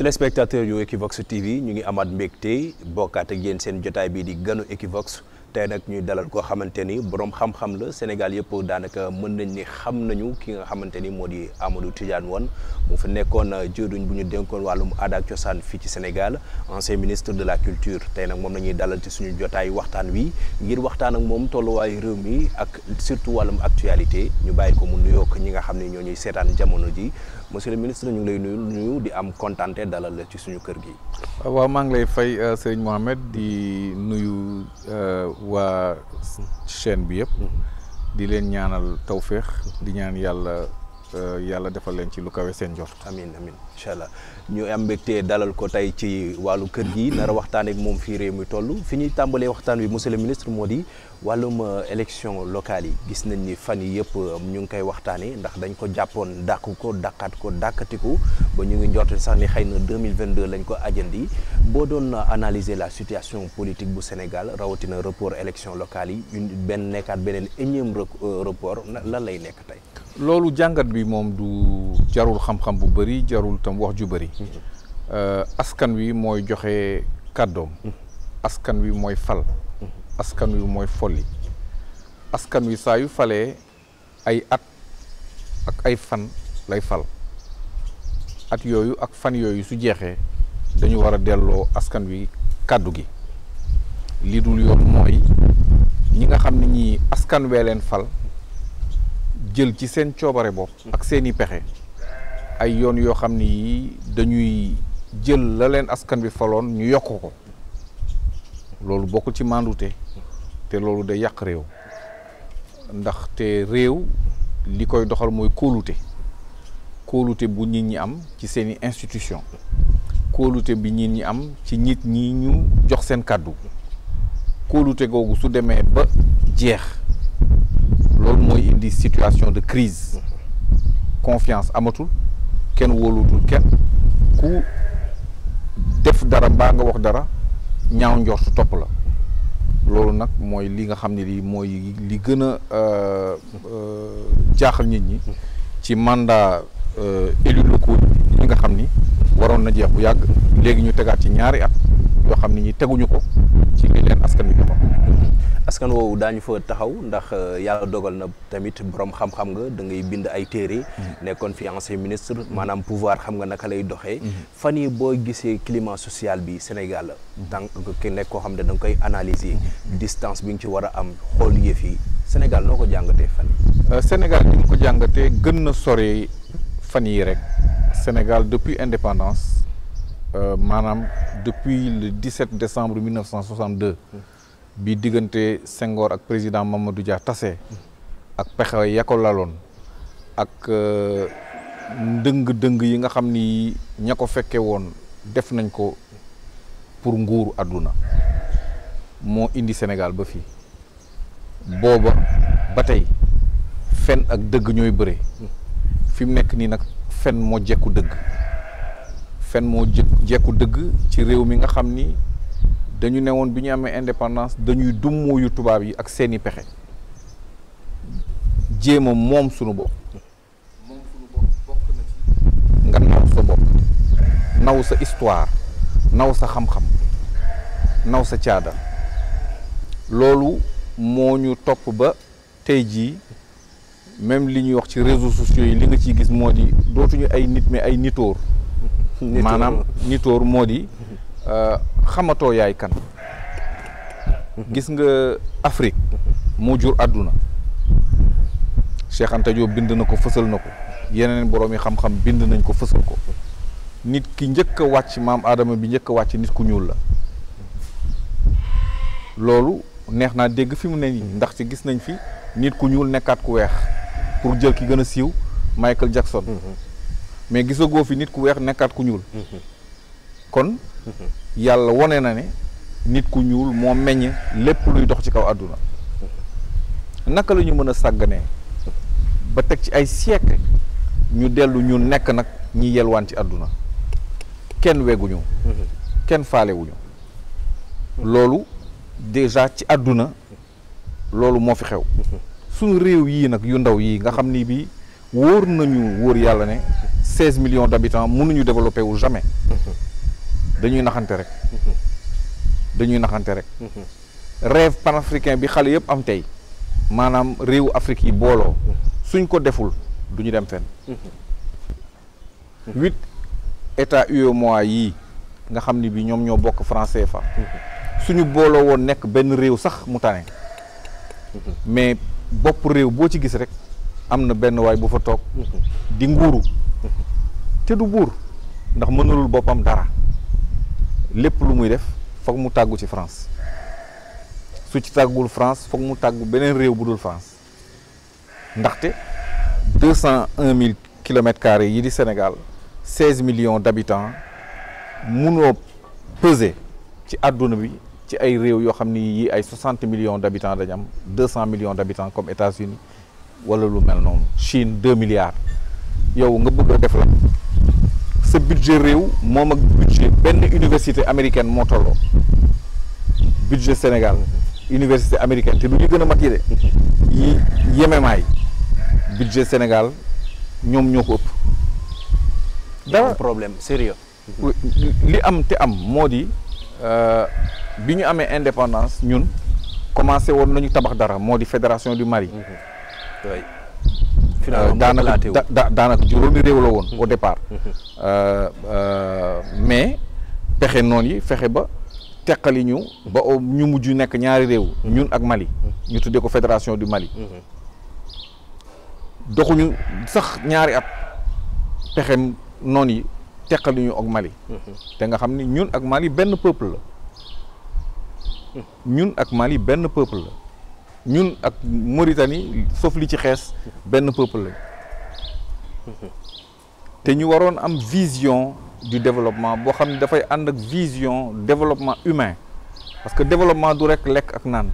téléspectateurs yu Equivox TV ñu ngi amaat mbégte bokkaat ak yéen seen jotaay bii di ganu Equivox tey nag ñuy dalal koo xamante ni borom xam-xam la Sénégal yëpp daanaka mën nañ ni xam nañu ki nga xamante ni moo di Amadou Tidiane Wane mu fi nekkoon euh, jëwriñ bu ñu dénkoon wàllum aada cosaan fii ci Sénégal ancien ministre de la culture tey nag moom la dalal ci suñu jotaay waxtaan wi ngir waxtaan ak moom tolluwaayu réew mi ak surtout wàllum actualité ñu bàyyi ko mu nuyoog ñi nga xam ne ñoo ñuy seetaan jamono ji monsieur le ministre ngi lay nuyu di am kontaan dalal la ci suñu kër gi. waaw maa ngi lay fay euh, sëriñ Mohamed di nuyu euh, waa chaîne bi yëpp mm-hmm. di leen ñaanal tawféex di ñaan yàlla Euh, yàlla defal leen ci lu kawe seen jot. amin amin incha allah ñu am mbégte dalal ko tey ci wàllu kër gi nar waxtaan ak moom fii réew mi toll fi ñuy tàmbalee waxtaan wi monsieur le ministre moo di euh, élection locale yi gis nañ ni fan yi yëpp euh, ñu ngi koy waxtaanee ndax dañ ko jàppoon dàq ko dàqaat ko dàqatiku ba ñu ngi njort sax ni xëy na 2022 lañ ko ajandi boo doon analyser la situation politique bu Sénégal rawatina report élection locale yi une benn nekkaat beneen énième report lan lay nekk tey. loolu jàngat bi moom du jarul xam-xam bu bari jarul tam wax ju bëri euh, askan wi mooy joxe kàddoom askan wi mooy fal askan wi mooy folli askan wi saa yu falee ay at ak ay fan lay fal at yooyu ak fan yooyu su jeexee dañu war a delloo askan wi kàddu gi li dul yoon mooy ñi nga xam ne ñii askan wee leen fal jël ci seen coobare bopp ak seeni pexe ay yoon yoo xam ni yii dañuy jël la leen askan bi faloon ñu yokk ko loolu bokkul ci mandute te loolu day yàq réew ndax te réew li koy doxal mooy kóolute kóolute bu nit ñi am ci seen i institution kóolute bi nit ñi am ci nit ñi ñu jox seen kàddu kóolute googu su demee ba jeex loolu mooy indi situation de crise confiance amatul kenn wóolutul kenn ku def dara mbaa nga wax dara ñaaw njort topp la loolu nag mooy li nga xam ne lii mooy li gën a euh, euh, jaaxal nit ñi ci mandat euh, élus locaux yi nga xam ni waroon na jeex bu yàgg léegi ñu tegaat ci ñaari at yoo xam ne ñi teguñu ko ci li leen askan bi joxoon woowu daañu fa taxaw ndax euh, yàlla dogal na tamit borom xam-xam nga dangay bind ay téere mm-hmm. nekkoon fi ministre maanaam pouvoir xam nga naka lay doxee mm-hmm. fan yi boo gisee climat social bi Sénégal mm-hmm. tant ki nekk koo xam ne danga koy analyser distance bi nga ci war a am xool yëf yi Sénégal noo ko jàngatee fan yi euh, Sénégal bi nga ko jàngatee gën na sore fan yi rek Sénégal depuis indépendance euh, maanaam depuis le 17 décembre 1962 bi diggante sengoor ak président Mamadou Dia tase ak pexe ya laloon ak euh, ndëng-dëng yi nga xam ni ña ko fekke woon def nañ ko pour nguur àdduna moo indi Sénégal ba fii booba ba tey fen ak dëgg ñooy bëre fi mu nekk nii nag fen moo jekku dëgg fen moo jekku dëgg ci réew mi nga xam ni dañu ne woon bi ñu amee indépendance dañuy dummooyu tubaab yi ak seeni pexe jéem a moom sunu bopp moom nga naw sa bopp naw sa histoire naw sa xam-xam naw sa caada loolu moo ñu topp ba tey jii même li ñuy wax ci réseau sociaux yi li nga ciy gis moo di dootuñu ay nit mais ay nitóor maanaam nitóor moo di euh, xamatoo yaay kan gis nga Afrique moo jur àdduna Cheikh bind na ko fësal na ko yeneen borom yi xam-xam bind nañ ko fësal ko nit ki njëkk a wàcc maam aadama bi njëkk a wàcc nit ku ñuul la loolu neex naa dégg fi mu ne nii ndax ci gis nañ fi nit ku ñuul nekkaat ku weex pour jël ki gën a siiw Michael Jackson. Mhm. mais gisagoo fi nit ku weex nekkaat ku ñuul. Mhm. kon mhm. yàlla wone na ne nit ku ñuul moo meññ lépp luy dox ci kaw àdduna naka lañu ñu mën a sàgganee ba teg ci ay siècle ñu dellu ñuul nekk nag ñi yelwaan ci àdduna kenn weguñu kenn faalewuñu loolu déjà ci àdduna loolu moo fi xew suñu réew yii nag yu ndaw yii nga xam ni bii wóor nañu wóor yàlla ne seize millions d'habitants mënuñu développé wu jamais dañuy naxante rek dañuy naxante rek rêve panafricain bi xale yëpp am tey maanaam réewu Afrique yi booloo suñ ko deful du ñu dem fen huit états UEMOA yii nga xam ni bi ñoom ñoo bokk franc CFA suñu booloo woon nekk benn réew sax mu tane mais bopp réew boo ci gis rek am na benn waay bu fa toog di nguuru te du buur ndax mënalul boppam dara lépp lu muy def foog mu tàggu ci France su ci tàggul France foog mu tàggu beneen réew bu dul France ndaxte deux cent un mille kilomètres carrés yi di Sénégal seize millions d'habitants munoo peser ci àdduna bi ci ay réew yoo xam ni yii ay 60 millions d' habitants dañu am 200 millions d' habitants comme États-Unis wala lu mel noonu Chine 2 milliards yow nga bëgg a def la sa budget réew moom ak budget benn université américaine moo tolloo budget Sénégal université américaine te du ñu gën a mat yi de yi yememaay budget Sénégal ñoom ñoo ko ëpp. dara problème sérieux li am te am moo di. Euh, bi ñu amee indépendance ñun commencé woon nañu tabax dara moo di fédération du Mali. Mhm. Euh, daanaka daanaka juróomi réew la woon mhm. au départ mhm. euh, mais pexe noon yi fexe ba teqaliñu ñu ba ñu mujj nekk ñaari réew ñun ak Mali ñu tuddee ko fédération du Mali doxuñu sax ñaari at pexem noonu yi teqali ñu ak Mali. Mhm. te nga xam ni ñun ak Mali benn peuple la. Mhm. ñun ak Mali benn peuple la ñun ak Mauritanie sauf li ci xees benn peuple la mhm. te ñu waroon am vision du développement boo xam ne dafay ànd ak vision développement humain parce que développement du rekk lekk ak naan.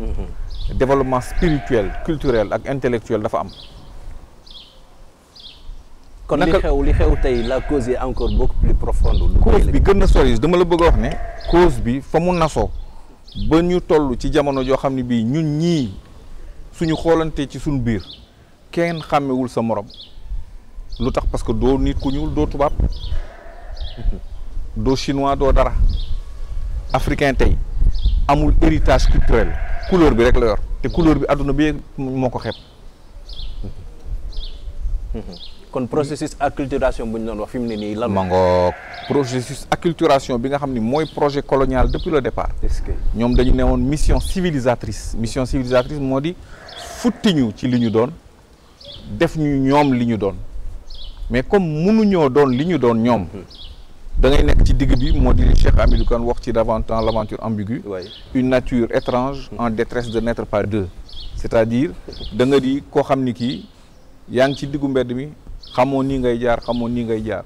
développement spirituel culturel ak intellectuel dafa am. kon li xew li xew tey la cause yi encore boo plus profonde. cause bi gën a sori dama la bëgg a wax ne cause bi fa mu nasoo ba ñu toll ci jamono joo xam ne bii ñun ñii suñu xoolante ci suñu biir kenn xàmmewul sa moroom lu tax parce que doo nit ku ñuul doo tubaab doo chinois doo dara africain tey amul héritage culturel couleur bi rek la yor te couleur bi àdduna bi moo ko xeeb. kon processus acculturation bu ñu doon wax fi mu ne nii lan. ma ngoog processus acculturation bi nga xam ni mooy projet colonial depuis le départ. est-ce que ñoom dañu ne woon mission civilisatrice. mission civilisatrice moo di futti ñu ci li ñu doon def ñu ñoom li ñu doon mais comme mënuñoo doon li ñu doon ñoom. Mm-hmm. da ngay nekk ci digg bi moo di li Cheikh Hamidou Kane wax ci davant dans l'aventure ambiguë une nature étrange mm-hmm. en détresse de n'être pas deux c'est-à-dire da di koo xam ni kii yaa ngi ci diggu mbedd mi xamoo nii ngay jaar xamoo nii ngay jaar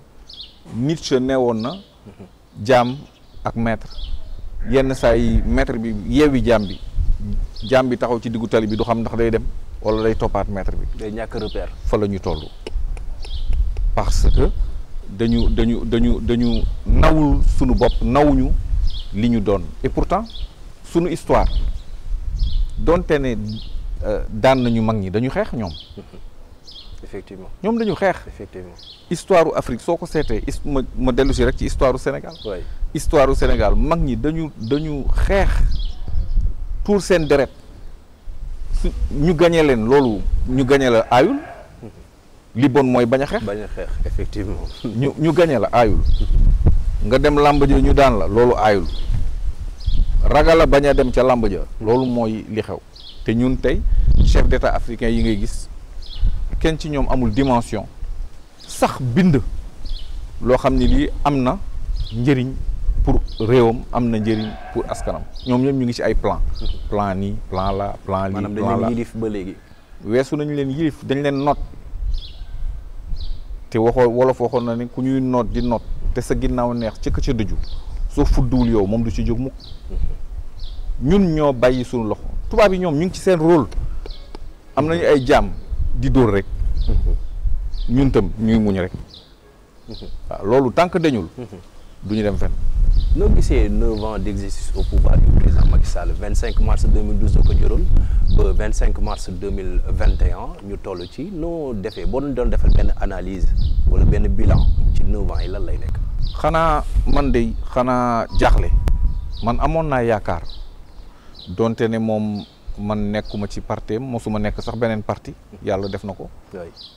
Nietzsche neewoon na jaam ak maître yenn saa yi maître bi yeewi jaam bi jaam bi taxaw ci diggu tali bi du xam ndax day dem wala day toppaat maître bi. day ñàkk repère. fa la ñu toll parce que dañu dañu dañu dañu nawul sunu bopp nawuñu li ñu doon et pourtant sunu histoire donte ne euh, daan ñu mag ñi dañu xeex ñoom. effectivement ñoom dañu xeex. effectivement histoire u Afrique soo ko seetee ma ma dellu rek ci histoire u Sénégal. histoire u Sénégal mag ñi dañu dañu xeex tuur seen deret su ñu gañee leen loolu ñu gañee la aayul li bon mooy bañ a xeex. a xeex effectivement. ñu ñu gañee la aayul nga dem làmb ñu daan la loolu aayul ragal a bañ a dem ca làmb loolu mooy li xew te ñun tey chef d'état africain yi ngay gis. kenn ci ñoom amul dimension sax bind loo xam ni lii am na njëriñ pour réewam am na njëriñ pour askanam ñoom ñoom ñu ngi ci ay plan plan nii plan la plan lii maanaam dañ leen yilif ba léegi weesu nañu leen yilif dañ leen noot te waxoo wolof waxoon na ni ku ñuy noot di noot te sa ginnaaw neex ci ka ca dëju soo fudduwul yow moom du si jóg mukk ñun ñoo bàyyi sunu loxo tubaab yi ñoom ñu ngi ci seen rôle am nañu ay jàmm di dóor rek mhm. ñun tam ñuy muñ rek mhm. loolu tant que dañul mhm. du ñu dem fenn noo gisee neuf ans d' exercice au pouvoir du président Macky Sall cinq mars deux mille douze ko jëloon ba cinq mars deux mille vingt et ñu toll ci noo defee boo doon defal benn analyse wala benn bilan ci neuf yi lan lay nekk. xanaa man de xanaa jaaxle man amoon naa yaakaar donte ne moom. man nekkuma ci parteem mosuma nekk sax beneen parti yàlla def na ko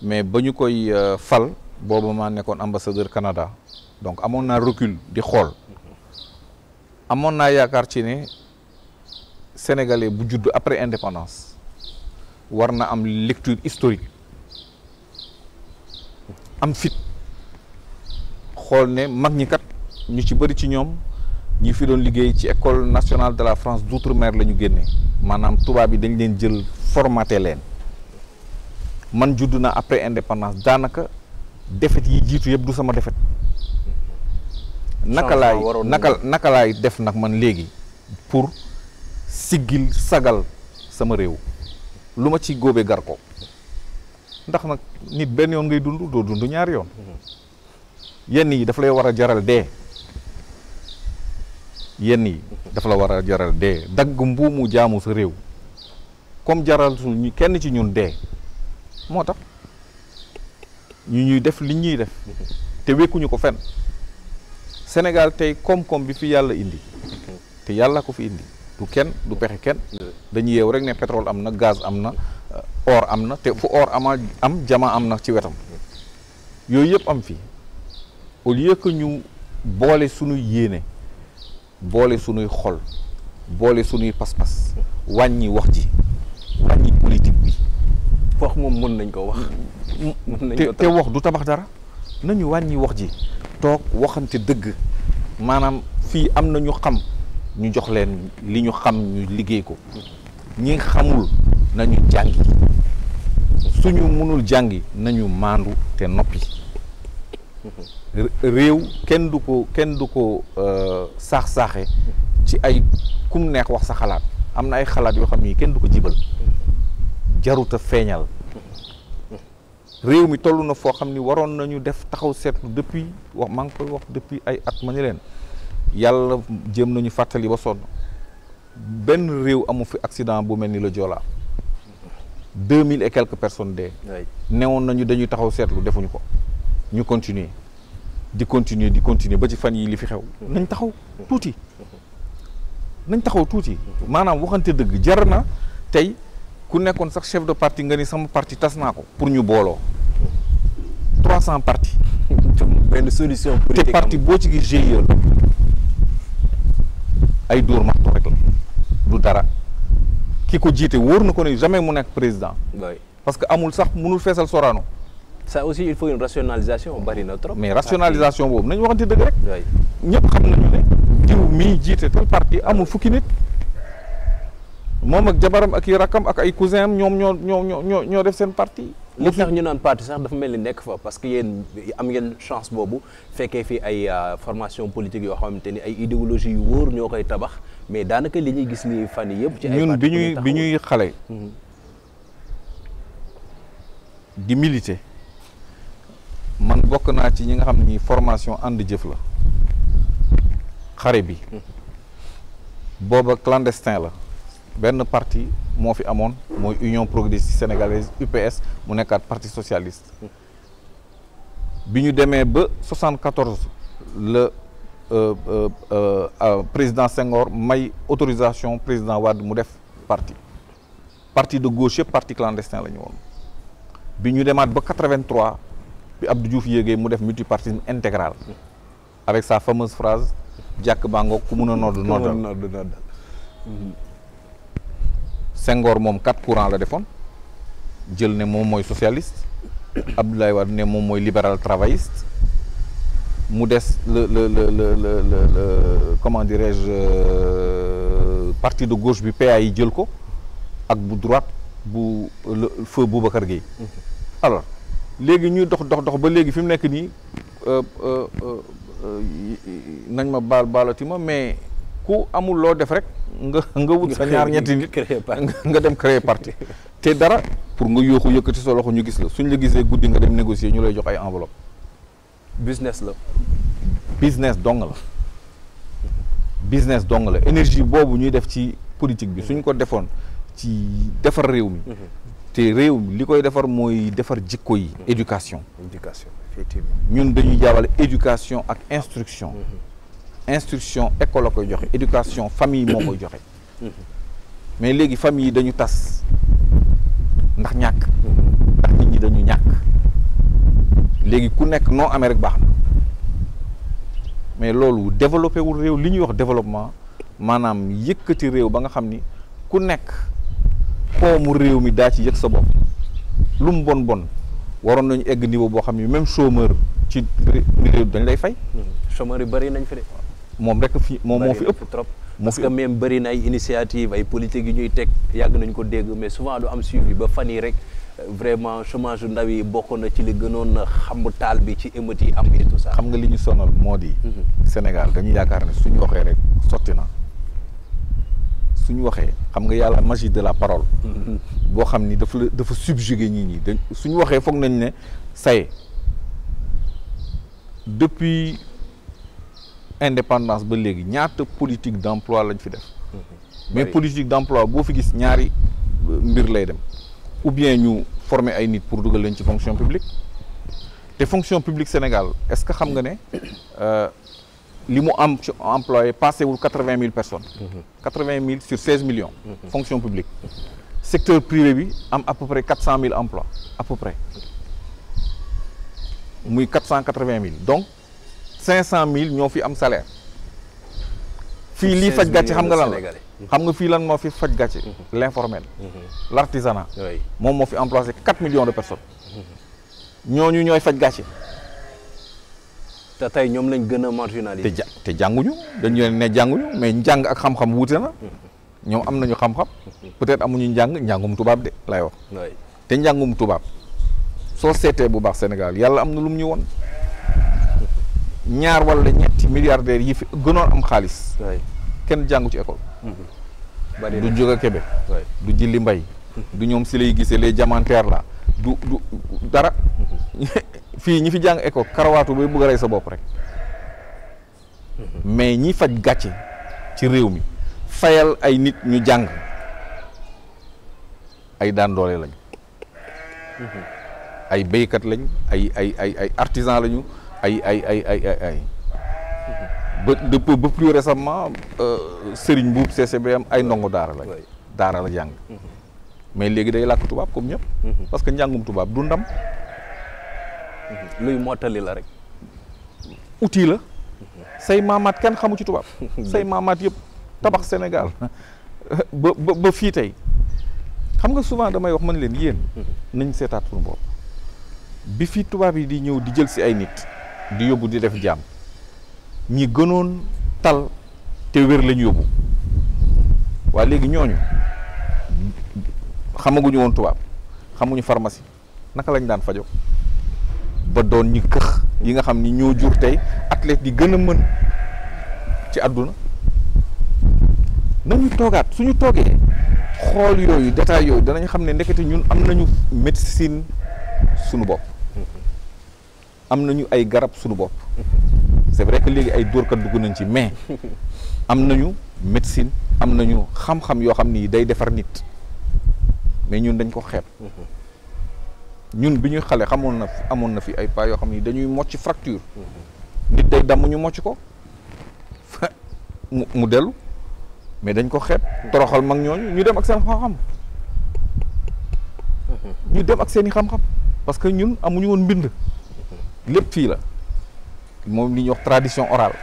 mais ba ñu koy euh, fal booba maa nekkoon ambassadeur Canada donc amoon naa recule di xool amoon naa yaakaar ci ne sénégalais bu judd après indépendance war na am lecture historique am fit xool ne mag ñi kat ñu ci bëri ci ñoom ñu fi doon liggéey ci école nationale de la France d'outre-mer la ñu génne maanaam tubaab yi dañ leen jël formaté leen man judd na après indépendance daanaka defet yi jiitu yëpp du sama defet naka laay naka naka laay def nag man léegi pour siggil sagal sama réew lu ma ci góobee gar ko ndax nag nit benn yoon ngay dund doo dund ñaari yoon mm-hmm. yenn yi daf lay war a jaral dee yenn yi dafa la war a jaral dee dagg mbuumu jaamu sa réew comme jaral su suñu kenn ci ñun dee moo tax ñu ñuy def li ñuy def te wékkuñu ko fen senegal tey koom-koom bi fi yàlla indi te yàlla ko fi indi du kenn du pexe kenn dañuy yeew rek ne pétrole am na gaz am na euh, or am na te fu or ama am jama am na ci wetam yooyu yëpp am fii au lieu ñu boole suñu yéene boole sunuy xol boole sunuy pas-pas wàññi wax ji wàññi politique bi. moom mën nañ ko wax. Mm. mën te wax du tabax dara nañu wàññi wax ji toog waxante dëgg maanaam fii am na ñu xam ñu jox leen li ñu xam ñu liggéey ko ñi xamul nañu jàngi suñu mënul jàngi nañu maandu te noppi. Mm-hmm. réew kenn du ko kenn du ko euh, saax-saaxe ci ay kum neex wax sa xalaat am na ay xalaat yoo xam ni kenn du ko jibal jaruta feeñal réew mi toll na foo xam ni waroon nañu def taxaw seetlu depuis wax maa koy wax depuis ay at ma ni leen yàlla jëm nañu fàttali ba sonn benn réew amu fi accident bu mel ni la Joola deux mille et quelques personnes dee newoon nañu dañuy taxaw seetlu defuñu ko ñu continuer di continuer di continuer ba ci fan yi li fi xew nañ taxaw tuuti nañ taxaw tuuti maanaam waxante dëgg jar na tey ku nekkoon sax chef de parti nga ni sama parti tas naa ko pour ñu booloo trois cent partie benn solution politique te parti boo ci gis GIE la ay dóor marto rek la du dara ki ko jiite wóor na ko ne jamais mu nekk président parce que amul sax mënul feesal soraano ça aussi il faut rationalisation bari na trop. mais rationalisation boobu nañu waxante dëgg rek. waay ñëpp xam nañu ne diw jiite tel parti amul fukki nit moom ak jabaram ak yi rakkam ak ay cousin am ñoom ñoo ñoo ñoo ñoo def seen parti. li tax ñu naan parti sax dafa mel ni nekk fa parce que yéen am ngeen chance boobu fekkee fi ay euh, formation politique yoo xamante ni ay idéologie yu wóor ñoo koy tabax mais daanaka li ñuy gis ni fan yëpp. ci ay ñun bi ñuy bi ñuy xale. Mhm. di militer. man bokk naa ci ñi nga xam ne ni formation ànd jëf la xare bi booba clandestin la benn parti moo fi amoon mooy union progressiste sénégalaise UPS mu nekkaat parti socialiste bi ñu demee ba 74 la euh, euh, euh, président Senghor may autorisation président Wade mu def parti parti de gauche yëpp parti clandestin la ñu woon bi ñu demaat ba bi Abdou Diouf yéegee mu def multipartisme intégral avec sa fameuse phrase jàkk bangoog ku mun a nodd noddal Senghor moom quatre courants la defoon jël ne moom mooy socialiste Abdoulaye Wade ne moom mooy libéral travailliste mu des le le le le le comment dirais-je euh, de gauche bi PA yi jël ko ak bu droite bu feu Boubacar Gueye mhm. alors léegi ñuy dox dox dox ba léegi fi mu nekk nii euh, euh, euh, nañ ma baal baalati ma mais ku amul loo def rek nga nga wut sa ñaar ñetti nit nga dem créer parti te dara pour nga yooxu yëkkati sa loxo ñu gis la suñ la gisee guddi nga dem négocier ñu lay jox ay enveloppe business la business dong la business dong la énergie boobu ñuy def ci politique bi suñ ko defoon ci defar réew mi mhm. te réew mi li koy defar mooy defar jikko yi mm-hmm. éducation éducation effectivement ñun dañuy jaawale éducation ak instruction mm-hmm. instruction école la koy joxe éducation famille moo koy joxe mm-hmm. mais léegi famille yi dañu tas ndax ñàkk ndax nit ñi dañu ñàkk léegi ku nekk noo amee rek baax na mais loolu développé wul réew li ñuy wax développement maanaam yëkkati réew ba nga xam ni ku nekk koomu réew mi daa ci yëg sa bopp lu mu bon bon waroon nañu egg niveau boo xam ne même chômeur ci réew dañ lay fay. Hmm. chômeur yi bëri nañ fi de. moom rek fi moom moo fi ëpp trop. parce que même bëri na ay initiative ay politique yu ñuy teg yàgg nañ ko dégg mais souvent du am suivi ba fan yi rek vraiment chômage ndaw yi bokk na ci li gënoon na xam taal bi ci émeute yi am et tout ça. xam nga li ñu sonal moo di. Hmm. Sénégal dañuy yaakaar ne suñu waxee rek sotti na. suñu waxee xam nga yàlla magie de la parole. Mm-hmm. boo xam ni dafa dafa subjuguer nit ñii dañ suñu waxee foog nañ ne say depuis indépendance ba léegi ñaata politique d' emploi lañ fi def. Mm-hmm. mais politique demploi boo fi gis ñaari euh, mbir lay dem ou bien ñu former ay nit pour dugal leen ci fonction publique te fonction publique Sénégal est ce que xam nga ne. Euh, li mu am ci employé passé wul quatre vingt mille personnes. quatre vingt mille sur seize millions. fonction publique. secteur privé bi am à peu près quatre cent mille emplois à peu près muy quatre cent quatre vingt mille donc cinq cent mille ñoo fi am salaire. fii lii faj gàcce xam nga lan la xam nga fii lan moo fi faj gàcce. Mhm. l' informel. Mhm. l' artisanat. moom moo fi employé quatre millions de personnes. ñu ñooy faj gàcce. te tey ñoom lañ gën a marginalisé. te ja te jànguñu dañu ne jànguñu mais njàng ak xam-xam wuute na. ñoom am nañu xam-xam. peut-être amuñu njàng jàngum tubaab de lay wax. te njàngum tubaab soo seetee bu baax Sénégal yàlla am na lu mu ñu woon ñaar wala ñetti milliardaires yi fi gënoon am xaalis. kenn jàngu ci école. du jóge Kébé. du jilli mbay. du ñoom si lay gisee les diamantaires la du dara. Mhm. fii ñi fi jàng éco karawaatu bay bugga a sa bopp rek mhm. mais ñi faj gàcce ci réew mi fayal ay nit ñu jàng ay daan doole lañ mhm. ay baykat lañ ay ay ay ay artisan lañu ay ay ay ay ay ay mhm. ba depuis ba plus récemment euh, Serigne Mbuub CCBM ay ndongo daara la daara la jàng mais léegi day làkk tubaab comme ñëpp parce que njàngum tubaab du ndam Mhm. luy mottali la rek uti la say maamaat kenn xamu ci tubaab say maamaat yëpp tabax Sénégal ba ba fii tey xam nga souvent damay wax man leen yéen mhm. nañ seetaat pour bopp bi fii tubaab yi di ñëw di jël si ay nit di yóbbu di def jaam ñi gënoon tal te wér lañ yóbbu waa léegi ñooñu xamaguñu woon tubaab xamuñu pharmacie naka lañ daan fajo ba doon ñu këx yi nga xam ni ñoo jur tey athlète yi gën a mën ci àdduna nañu toogaat suñu toogee xool yooyu détail yooyu danañ xam ne ndekete ñun am nañu médecine sunu bopp am nañu ay garab sunu bopp c'est vrai que léegi ay dóorkat dugg nañ ci mais am nañu médecine am nañu xam-xam yoo xam ni day defar nit mais ñun dañ ko xeeb ñun bi ñuy xale xamoon na amoon na fi ay pas yoo xam ni dañuy mocc fracture nit day damm ñu mocc ko mu dellu mais dañ ko xeeb toroxal mag ñooñu ñu dem ak seen xam-xam ñu dem ak seen i xam parce que ñun amuñu woon mbind lépp fii la moom li ñuy wax tradition orale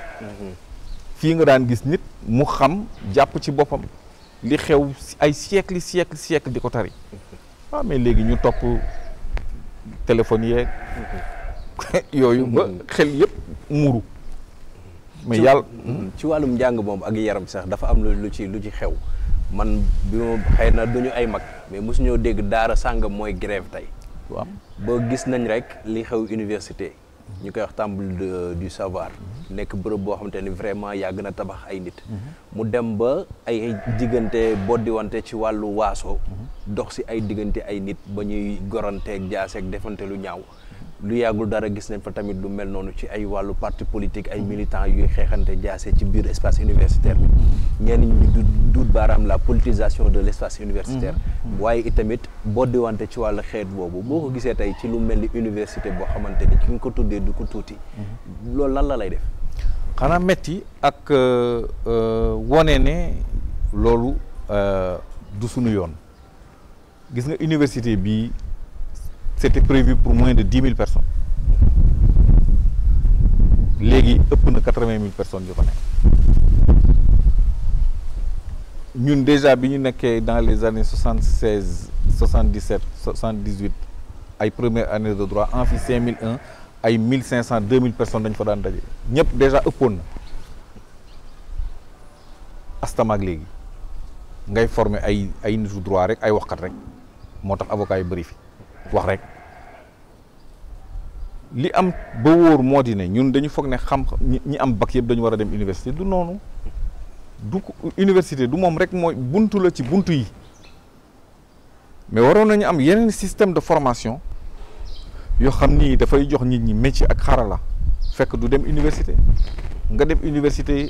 fii nga daan gis nit mu xam jàpp ci boppam li xew ay siècle siècle siècle di ko tari ah, mais léegi ñu topp téléphone yeeg yooyu ba xel yëpp muuru mais yàlla ci wàllum njàng moom ak yaram sax dafa am lu ci lu ci xew man bi ma xëy na duñu ay mag mais mosu ñoo dégg daara sàngam mooy grève tey waaw gis nañ rek li xew université ñu koy wax temple du savoir nekk bërëb boo xamante ni vraiment yàgg na tabax ay nit mu dem ba ay diggante boddiwante ci wàllu waaso mhm. dox si ay diggante ay nit ba ñuy goranteeg jaaseeg defante lu ñaaw lu yàggul dara gis nañ fa tamit lu mel noonu ci ay wàllu parti politique ay militants yuy xeexante jaase ci biir espace universitaire bi ñenn ñi du duut baaraam la politisation de l' espace universitaire mhm. Mhm. waaye boo boddiwante ci wàllu xeet boobu boo ko gisee tey ci lu mel ni université boo xamante ni ki nga ko tuddee du ko tuuti mhm. loolu lan la lay def xanaa metti ak euh, euh, wone ne loolu euh, du sunu yoon gis nga université bii c'était prévu pour moins de dix mille personnes léegi ëpp na quatre-vingt mille personnes yu fa nekk ñun déjà bi ñu nekkee dans les années soixante-seize soixante-dix-sept soixante-dix-huit ay première année de droit amphi cinq mille un ay mille cinq cent deux mille personnes dañ fa daan daje ñëpp déjà ëppoon na ngay former ay ay nitu droit rek ay waxkat rek moo tax avocat yu bëri fi wax rek li am ba wóor moo di ne ñun dañu foog ne xam ñi am bac yëpp dañu war dem université du noonu du université du moom rek mooy buntu la ci bunt yi mais waroon nañu am yeneen système de formation yoo xam ni dafay jox nit ñi métier ak xarala fekk du dem université nga dem université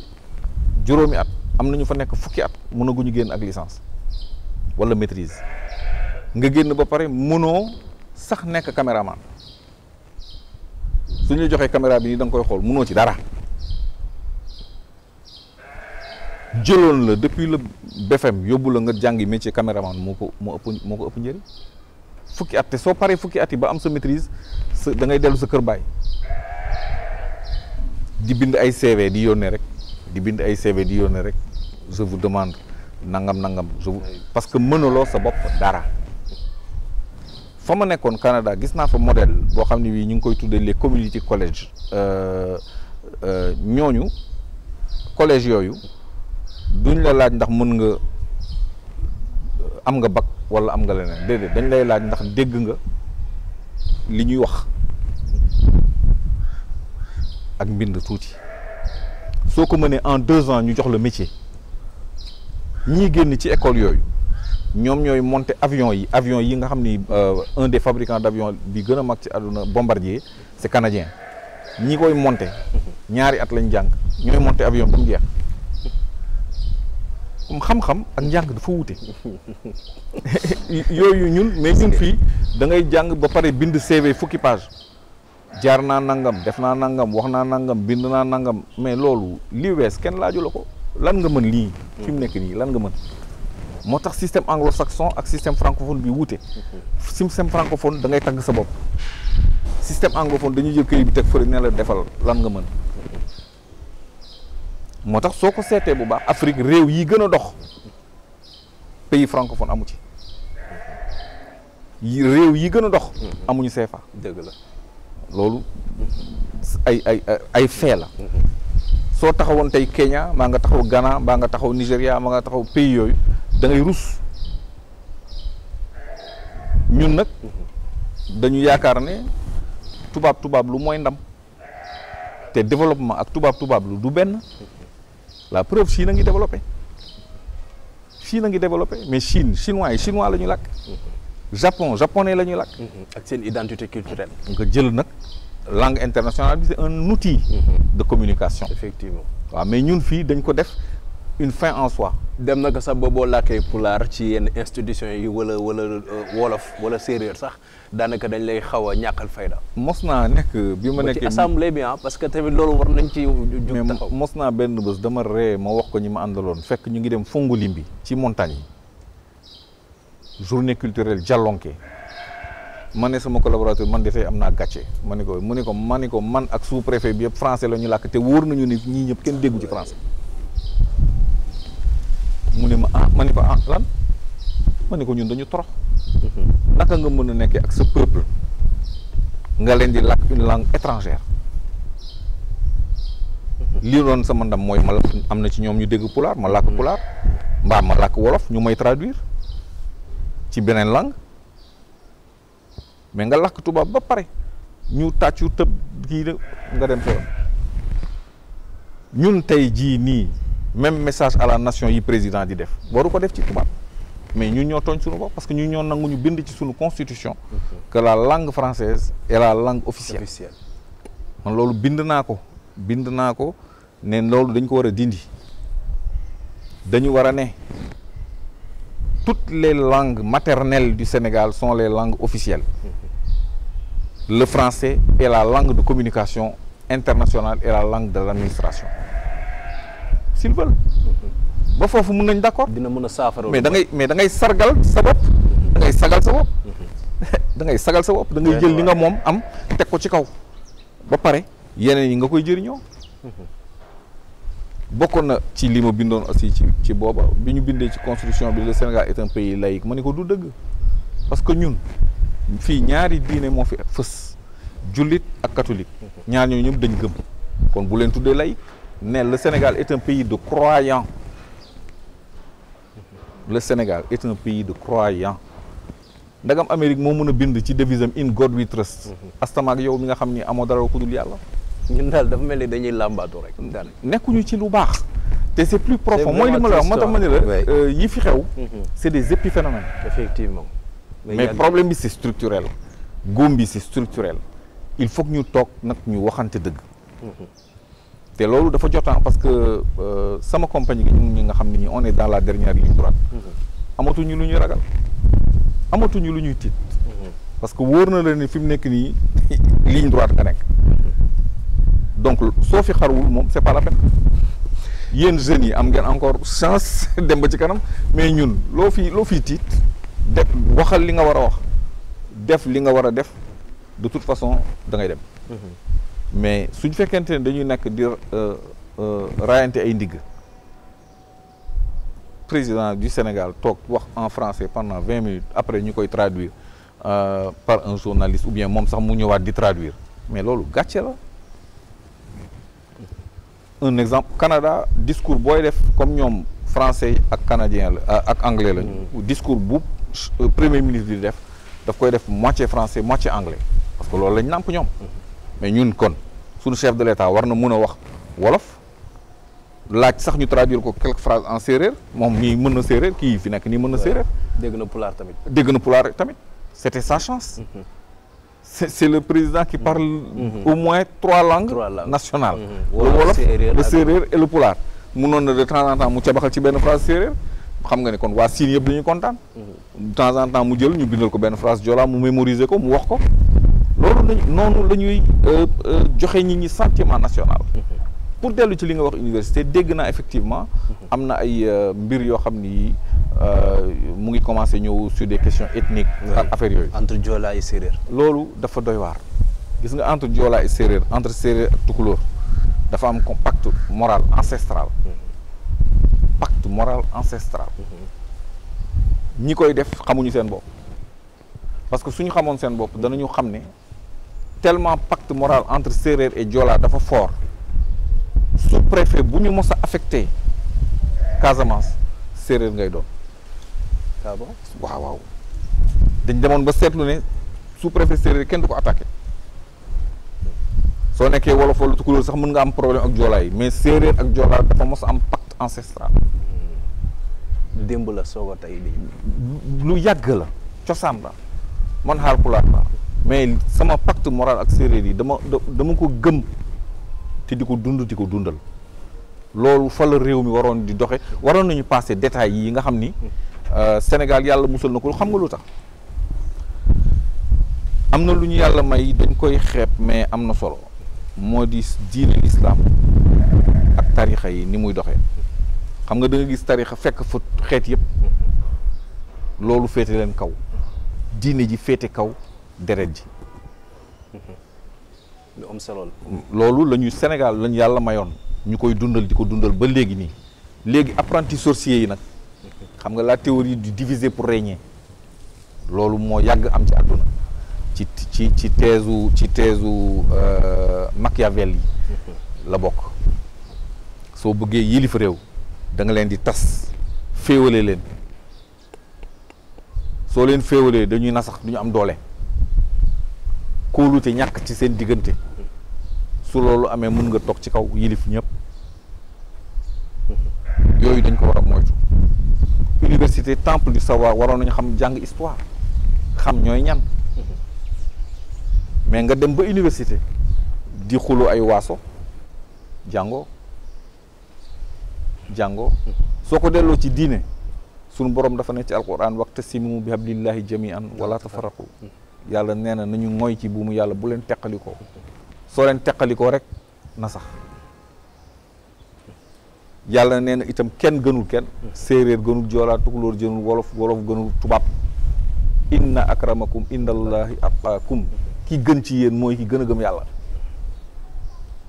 juróomi at am nañu fa nekk fukki at mënaguñu génn ak licence wala maitrise nga génn ba pare mënoo. sax nekk caméraman su ñu joxee caméra bi nii da nga koy xool mënoo ci dara jëloon la depuis la BFM yóbbu la nga jàngi métier caméraman moo ko moo ëpp moo ëpp njëriñ fukki at te soo paree fukki at yi ba am sa maîtrise sa da ngay dellu sa kër baay di bind ay CV di yónnee rek di bind ay CV di yónnee rek je demande nangam nangam je vous parce que mënuloo sa bopp dara. fa ma nekkoon Canada gis naa fa modèle boo xam ne bii ñu ngi koy tuddee les community college euh, euh, ñooñu collège yooyu duñ la laaj ndax mën nga euh, am nga bac walla am nga leneen déedéet dañ lay laaj ndax dégg nga li ñuy wax ak mbind tuuti soo ko mënee en deux ans ñu jox la métier ñii génn ci école yooyu. ñoom ñooy monter avion yi avion yi nga xam ni euh, un des fabricants d' bi gën a mag ci àdduna bombardier c' est canadien ñi koy monter ñaari at lañ jàng ñooy monter avion ba mu jeex xam-xam ak njàng dafa wuute yooyu ñun mais ñun fii da ngay jàng ba pare bind CV fukki page jaar naa nangam def naa nangam wax naa nangam bind naa nangam mais loolu lii wees kenn laaju la ko lan nga mën lii fi nekk nii lan nga mën moo tax système anglo-saxon ak système francophone bi wuute. système francophone da ngay tagg sa bopp. système anglophone dañuy jël këyit bi teg fële ne la defal lan nga mën. moo tax soo ko seetee bu baax Afrique réew yi gën a dox pays francophone amu ci. yi réew yi gën a dox. amuñu fa dëgg la loolu ay ay ay fee la. Mm-hmm. soo taxawoon tey Kenya maa nga taxaw Ghana maa nga taxaw Nigéria maa nga taxaw pays yooyu. da ngay ñun nag dañu yaakaar ne tubaab tubaab lu mooy ndam te développement ak tubaab tubaab lu du benn la preuve Chine a ngi développé Chine a ngi développé mais Chine chinois yi chinois la ñu làkk Japon japonais la ñuy làkk. ak seen identité culturelle. nga jël nag langue internationale bi c'est un outil. Mm-hmm. de communication. effectivement waaw mais ñun fii dañ ko def. une fin en soi. dem na ko sax booboo boo làkkee pulaar ci yenn institution yi wala wala euh, wolof wala séeréer sax daanaka dañ lay xaw a ñàkkal fayda. mos naa nekk bi ma nekk ci assemblée bi ah, parce que tamit loolu war nañ ci jug taxaw mos naa benn bés dama ree ma wax ko ñi ma àndaloon fekk ñu ngi dem bi ci montagne yi journée culturelle Jalonke ma ne sama collaborateur man defee tey am naa gàcce ma ne ko mu ne ko ma ne ko man ak sous préfet bi yëpp français la ñu làkk te wóor nañu ni ñii ñëpp kenn déggu ci français. mu ne ma ah ma ne ko ah lan ko ñun dañu torox mhm. naka nga mën a nekkee ak sa peuple nga leen di làkk une langue étrangère mhm. lii doon sama ndam mooy ma làkk am na ci ñoom ñu dégg pulaar ma làkk mhm. pulaar mbaam ma làkk wolof ñu may traduire ci beneen langue mais nga làkk tubaab ba pare ñu tàccu tëb kii de nga dem foofu ñun tey jii nii même message à la nation yi président di def waru ko def ci tubaab mais ñu ñoo tooñ suñu bopp parce que ñun ñoo nangu ñu bind ci suñu constitution que la langue française est la langue officielle loolu bind naa ko bind naa ko ne loolu dañ ko war a dindi dañu war a ne toutes les langues maternelles du Sénégal sont les langues officielles le français est la langue de communication internationale et la langue de l'administration s'ils ba foofu mun nañ d' accord. dina mën a saafara mais da mais da ngay sargal sa bopp. sagal sa bopp. ngay sagal sa bopp da ngay jël li nga moom am teg ko ci kaw. ba pare yeneen yi nga koy jëriñoo. bokkoon na ci li ma bindoon aussi ci ci booba bi ñu bindee ci constitution bi le Sénégal est un pays laïque ma ne ko du dëgg parce que ñun fii ñaari diine moo fi fës jullit ak catholique ñaar ñooñu ñëpp dañ gëm kon bu leen tuddee laïque ne le Sénégal est un pays de croyants le Sénégal est un pays de croyants ndagam Amérique moo mën a bind ci devise am in God we trust. astamaak yow mi nga xam ni amoo dara ku dul yàlla. ñun daal dafa mel ni dañuy làmbaatu rek. nekkuñu ci lu baax. te c'est plus profond mooy li ma la wax moo ma ne euh, yi fi xew. Mm-hmm. c'est des épiphénomènes. effectivement. mais, mais problème bi c'est structurel. góom c'est structurel. il faut ñu toog nag ñu waxante dëgg. Mm-hmm. te loolu dafa jotaan parce que euh, sama compagnie ñi nga xam ni on est dans la dernière ligne droite mm-hmm. amatuñu lu ñuy ragal amatuñu lu ñuy tiit mm-hmm. parce que wóor na la ni fi mu nekk nii ligne droite nga nekk mm-hmm. donc soo fi xarwul moom c'est pas la peine yéen jeunes yi am ngeen encore chance dem ba ci kanam mais ñun loo fi loo fiy tiit def waxal li nga war a wax def li nga war a def de toute façon da ngay dem mais suñ fekkente ne dañuy nekk di euh, euh, raayante ay ndigg président du Sénégal toog wax en français pendant vingt minutes après ñu koy traduire euh, par un journaliste ou bien moom sax mu ñëwaat di traduire mais loolu gàcce la un exemple Canada discours booy def comme ñoom français ak canadien la ak anglais lañu mm. discours bu premier ministre di def daf koy def moitié français moitié anglais parce que loolu lañ nàmp ñoom mm. mais ñun kon suñu chef de l'État war na mun a wax wolof laaj sax ñu traduire ko quelques phrases en séeréer moom mii mën na séeréer kii fi nekk nii mën na séeréer. dégg na pulaar tamit. dégg na pulaar tamit c'était sa chance. Mm-hmm. c'est le président qui mm-hmm. parle. Mm-hmm. au moins trois langues. nationales. le wolof le séeréer et le pulaar. munoon na de temps en temps mu cabaxal ci benn phrase séeréer xam nga ne kon waa Sine yëpp dañuy kontaan. de en temps mu jël ñu bindal ko benn phrase jola mu mémoriser ko mu wax ko. loolu lañ noonu la ñuy euh, euh, joxe ñi ñi sentiment national mm-hmm. pour dellu ci li nga wax université dégg naa effectivement mm-hmm. am na ay euh, mbir yoo xam ni mu ngi commencé ñëw sur des questions ethniques ak affaire yooyu entre Joola et Séeréer loolu dafa doy waar gis nga entre Joola et Séeréer entre Séeréer ak Tukulóor dafa am comme pacte moral ancestral mm-hmm. pacte moral ancestral ñi koy def xamuñu seen bopp parce que suñu xamoon seen bopp dana danañu xam ne tellement pacte moral entre séeréer et joola dafa fort sous-préfet bu ñu mos a affecté Casamance séeréer ngay doon. ah waaw waaw dañ demoon ba seetlu ne su préfet séeréer kenn du ko attaqué soo nekkee wolof wala tukulóor sax mën nga am problème ak joolaa yi mais séeréer ak joolaa dafa mos am pacte ancestral. Hmm. démb la soog a tey lu yàgg la cosaan la man xaar la mais sama pacte moral ak séeréer yi dama dama ko gëm te di ko dund di ko dundal loolu fa la réew mi waroon di doxe waroon nañu passé détails yi nga xam ni euh, Sénégal yàlla musal na ko xam nga lu tax am na lu ñu yàlla may dañ koy xeeb mais am na solo moo di diine lislaam ak tarixa yi ni muy doxee xam nga da gis tarixa fekk fa xeet yëpp loolu féete leen kaw diine ji féete kaw deret ji lu am loolu la ñu Sénégal lañu yàlla mayoon ñu koy dundal di ko dundal ba léegi nii léegi apprenti sorcier yi nag xam nga la théorie du diviser pour régner loolu moo yàgg am ci àdduna ci ci ci teesu ci teesu euh, Machiavel yi la bokk soo bëggee yilif réew danga leen di tas féewale leen soo leen féewalee dañuy nasax du am doole kóolute ñàkk ci seen diggante su loolu amee mën nga toog ci kaw yilif ñëpp yooyu dañ ko war a moytu université temple du savoir waroon nañu xam jàng histoire xam ñooy ñan mais nga dem ba université di xulo ay waaso jàngo jàngoo soo ko delloo ci diine sunu borom dafa ne ci alquran waqtasimu bi hablillahi jami'an wala tafarraqu yàlla nee na nañu mooy ci buumu yàlla bu leen teqalikoo soo leen teqalikoo rek na sax yàlla nee na itam kenn gënul kenn séeréer gënul joolaa tukulóor gënul wolof wolof gënul tubaab inna akramakum indallahi atqaakum ki gën ci yéen mooy ki gën a gëm yàlla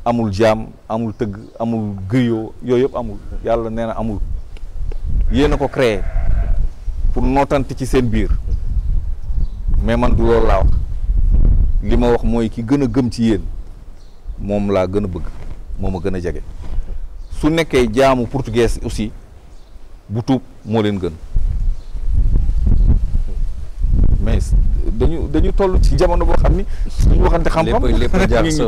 amul jaam amul tëgg amul griyo yooyu yëpp amul yàlla nee na amul yéen a ko créé pour nootante ci seen biir mais man du loolu laa wax li ma wax mooy ki gën a gëm ci yéen moom laa gën a bëgg moom a gën a jege su nekkee jaamu portugais aussi bu tuub moo leen gën mais ñu toll ci jamono boo xam ni suñu waxante xam-xam lépp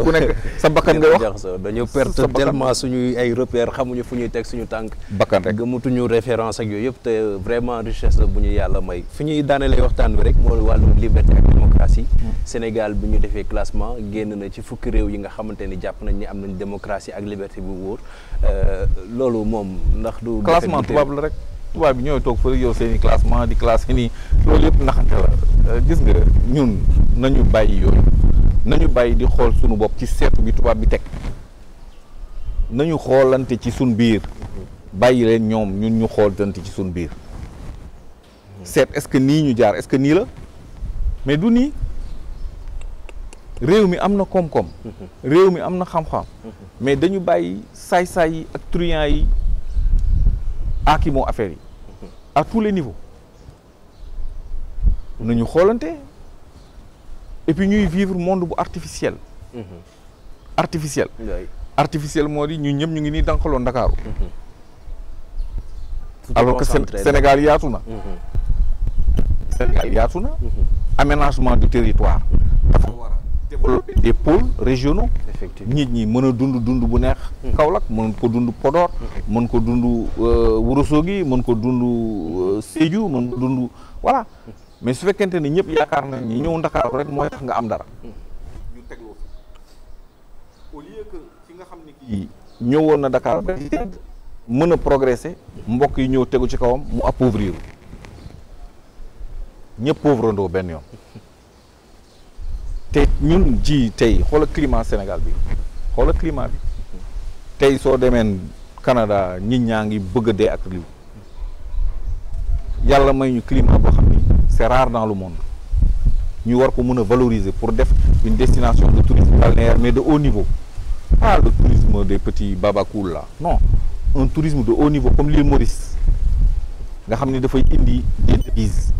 ku nekk sa bakkan nga wax dañoo perte tellement suñuy ay repère xamuñu fu ñuy teg suñu tànk bakkan rek gëmutuñu référence ak yooyu yëpp te vraiment richesse la bu ñu yàlla may fi ñuy daanelee waxtaan bi rek mooy wàllum liberté ak démocratie hmm. Sénégal bu ñu defee classement génn na ci fukki réew yi nga xamante ni jàpp nañ ni am nañ démocratie ak liberté bu wóor euh, loolu moom ndax du classement tubaab la rek tubaab bi ñooy toog fële yow seen i classement di classé nii loolu yëpp naxante la euh, gis nga ñun nañu bàyyi yooyu nañu bàyyi di xool suñu bopp ci seetu bi tubaab bi teg nañu xoolante ci suñ biir bàyyi leen ñoom ñun ñu xoolante ci suñ biir seet est-ce que nii ñu jaar est-ce que nii la mais du nii réew mi am na koom-koom mm-hmm. réew mi am na xam-xam mm-hmm. mais dañu bàyyi saay-saay yi ak truand yi ah moo moom affaire yi mm-hmm. à tous les niveaux nañu xoolante et puis ñuy vivre monde bu artificiel. Mm-hmm. artificiel. artificiel moo di ñun ñëpp ñu ngi nii dànqaloon Ndakaaru. Mm-hmm. alors que Sénégal yaatu na. Sénégal yaatu na. aménagement du territoire des pôles régionaux nit ñi mën a dund dund bu neex hmm. Kaolack mën ko dund Podor hmm. mën ko dund euh, Ourossogui mën ko dund euh, Sédhiou mën ko dund voilà mais su fekkente ni ñëpp yaakaar nañ ñi ñëw ndakaar mooy tax nga am dara hmm. ñu tegloo nga xam ne kii ñëwoon na Dakar mën a progresser mbokk yi ñëw tegu ci kawam mu appauvrir ñëpp pauvre ndoo benn yoon te ñun ji tey xoola climat Sénégal bi xoola climat bi tey soo demeen Canada nit ñaa ngi bëgg a dee ak liw yàlla may ñu climat boo xam ni c'est rare dans le monde ñu war ko mën a valoriser pour def une destination de tourisme balnéaire mais de haut niveau pas le tourisme des petits babacool là non un tourisme de haut niveau comme l'île Maurice nga xam ni dafay indi des devises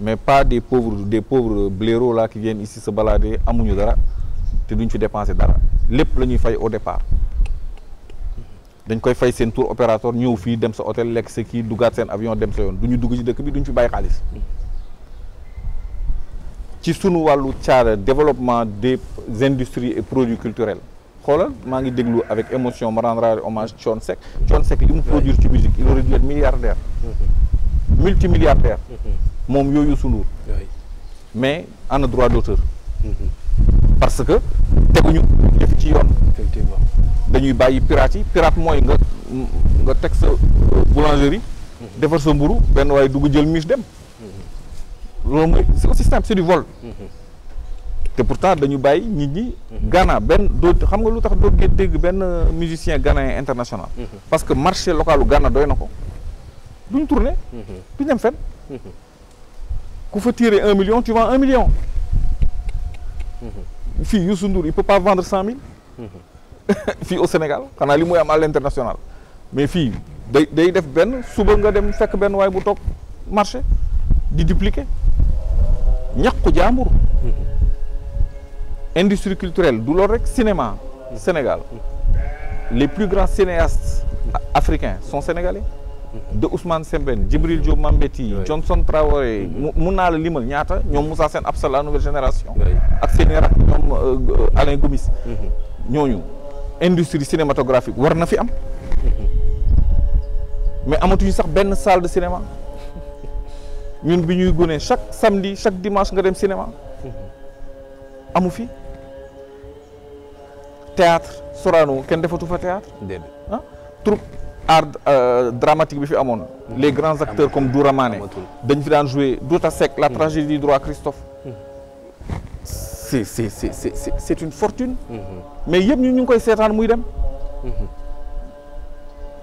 mais pas des pauvres des pauvres blaireaux là qui viennent ici se balader amuñu dara te duñ fi dépenser dara lépp la ñuy fay au départ dañ koy fay seen tour opérateur ñëw fii dem sa hôtel lekk sa kii duggaat seen avion dem sa yoon du ñu dugg ci dëkk bi duñ fi bàyyi xaalis ci sunu wàllu caada développement des industries et produits culturels xoolal maa ngi déglu avec émotion ma rendre hommage Thione Seck Thione Seck li mu produire ci musique il aurait dû être multimilliardaire mm-hmm. moom yooyu sunduur mais ana droit d'auteur mm-hmm. parce que teguñu yëf ci yoon dañuy bàyyi pirate yi pirate mooy nga nga teg sa euh, boulangerie mm-hmm. defar sa mburu benn waaye dugg jël miche dem loolu mooy c'est aussi simple c'est du vol te pourtant dañu bàyyi nit ñi Ghana benn doo xam nga lu tax doo dégg benn musicien ghanéen international parce que marché localu Ghana doy na ko duñ tourné. Mhm. duñ dem fenn. Mhm. ku fa tirer un million tu vends un million. Mhm. fii Youssou Ndour il peut pas vendre cent mille. fii au Sénégal xanaa li muy am à l'international mais fii day def benn suba nga dem fekk benn waay bu toog marché di dupliquer ñàkku jaambur. industrie culturelle du loolu rek cinéma Sénégal les plus grands cinéastes africains sont sénégalais. de Ousmane Sembène Djibril Diop Mambéty Johnson mun naa la limal ñaata ñoom Moussa Sène Absa la nouvelle génération ak seeni rak ñoom euh, Alain Gomis mhm. ñooñu industrie cinématographique war na fi am mais amatuñu sax benn salle de cinéma ñun bi ñuy gone chaque samedi chaque dimanche nga dem cinéma amu fi théâtre Sorano kenn defatu fa théâtre art euh, dramatique bi fi amoon les grands acteurs comme Doura Mané dañ fi daan jouer Douta Seck la tragédie du roi Christophe hmm. c'est une fortune hmm. mais yëpp ñu ñu ngi koy seetaan muy dem hmm.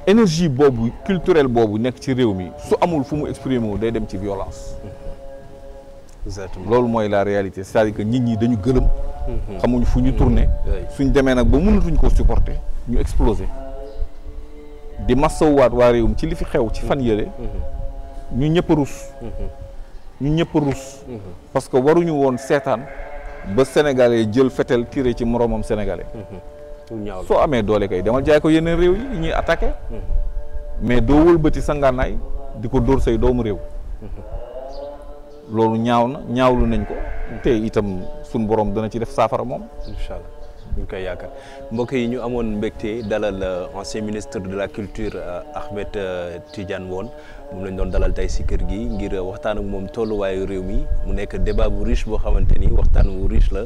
énergie boobu culturelle boobu nekk ci réew mi su amul fu mu exprimer wu day dem ci violence exactement loolu mooy la réalité c'est-à-dire que nit ñi dañu gëlëm xamuñu fu ñu tourner suñ demee nag ba mënatuñ ko supporter ñu exploser di masawwaat waa réewum ci li fi xew ci fan yële mhm. Mhm. ñu ñëpp a rus mhm. ñu ñëpp a parce que waruñu woon seetaan ba sénégalais jël fetel tiré ci moroomam sénégalais soo amee doole kay dama jaay ko yeneen réew yi ñuy attaqué mais doo wëlbati sa ngànnaay di ko dóor say doomu réew loolu ñaaw na ñaawlu nañ ko te itam suñ borom dana ci def saafara moom incha allah ñu koy yaakaar mbokk yi ñu amoon mbégte dalal euh, ancien ministre de la culture euh, Ahmed euh, Tidiane woon moom lañ doon dalal tey si kër gi ngir waxtaan ak moom tolluwaayu réew mi mu nekk débat bu riche boo xamante ni waxtaan bu riche la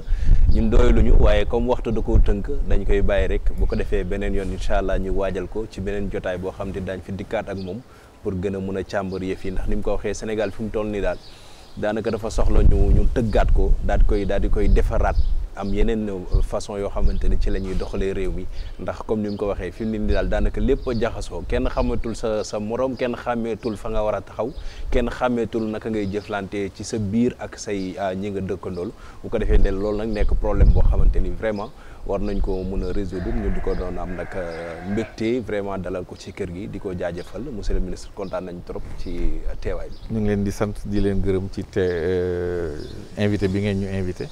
ñun doyaluñu waaye comme waxtu da koo tënk dañ koy bàyyi rek bu ko defee beneen yoon incha allah ñu waajal ko ci beneen jotaay boo xam ne daañ fi dikkaat ak moom pour gën a mun a càmbar yëf yi ndax ni mu ko waxee Sénégal fu mu toll nii daal daanaka dafa soxla ñu ñu tëggaat ko daal di koy daal di koy defaraat. am yeneen façon yoo xamante ne ci la ñuy doxalee réew mi ndax comme ni mu ko waxee fi mu ne nii daal daanaka lépp a jaxasoo kenn xamatul sa sa moroom kenn xàmmeetul fa nga war a taxaw kenn xàmmeetul naka ngay jëflante ci sa biir ak say ah, ñi nga dëkkandool bu ko defee del loolu nag nekk problème boo xamante ni vraiment war nañ ko mun a résoudre ñu di ko doon am nag euh, mbégte vraiment dalal ko ci kër gi di ko jaajëfal monsieur le ministre kontaan nañu trop ci teewaay bi. ñu ngi leen di sant di leen gërëm ci te euh, invité bi ngeen ñu invité.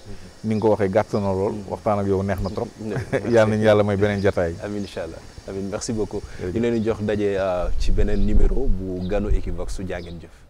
ni nga ko waxee gàtt na lool mm-hmm. waxtaan ak yow neex na trop. yal nañu yàlla may beneen jataay. amiin incha allah amiin merci beaucoup. ñu leen di jox daje euh, ci beneen numéro bu ganu Equivox su jaa ngeen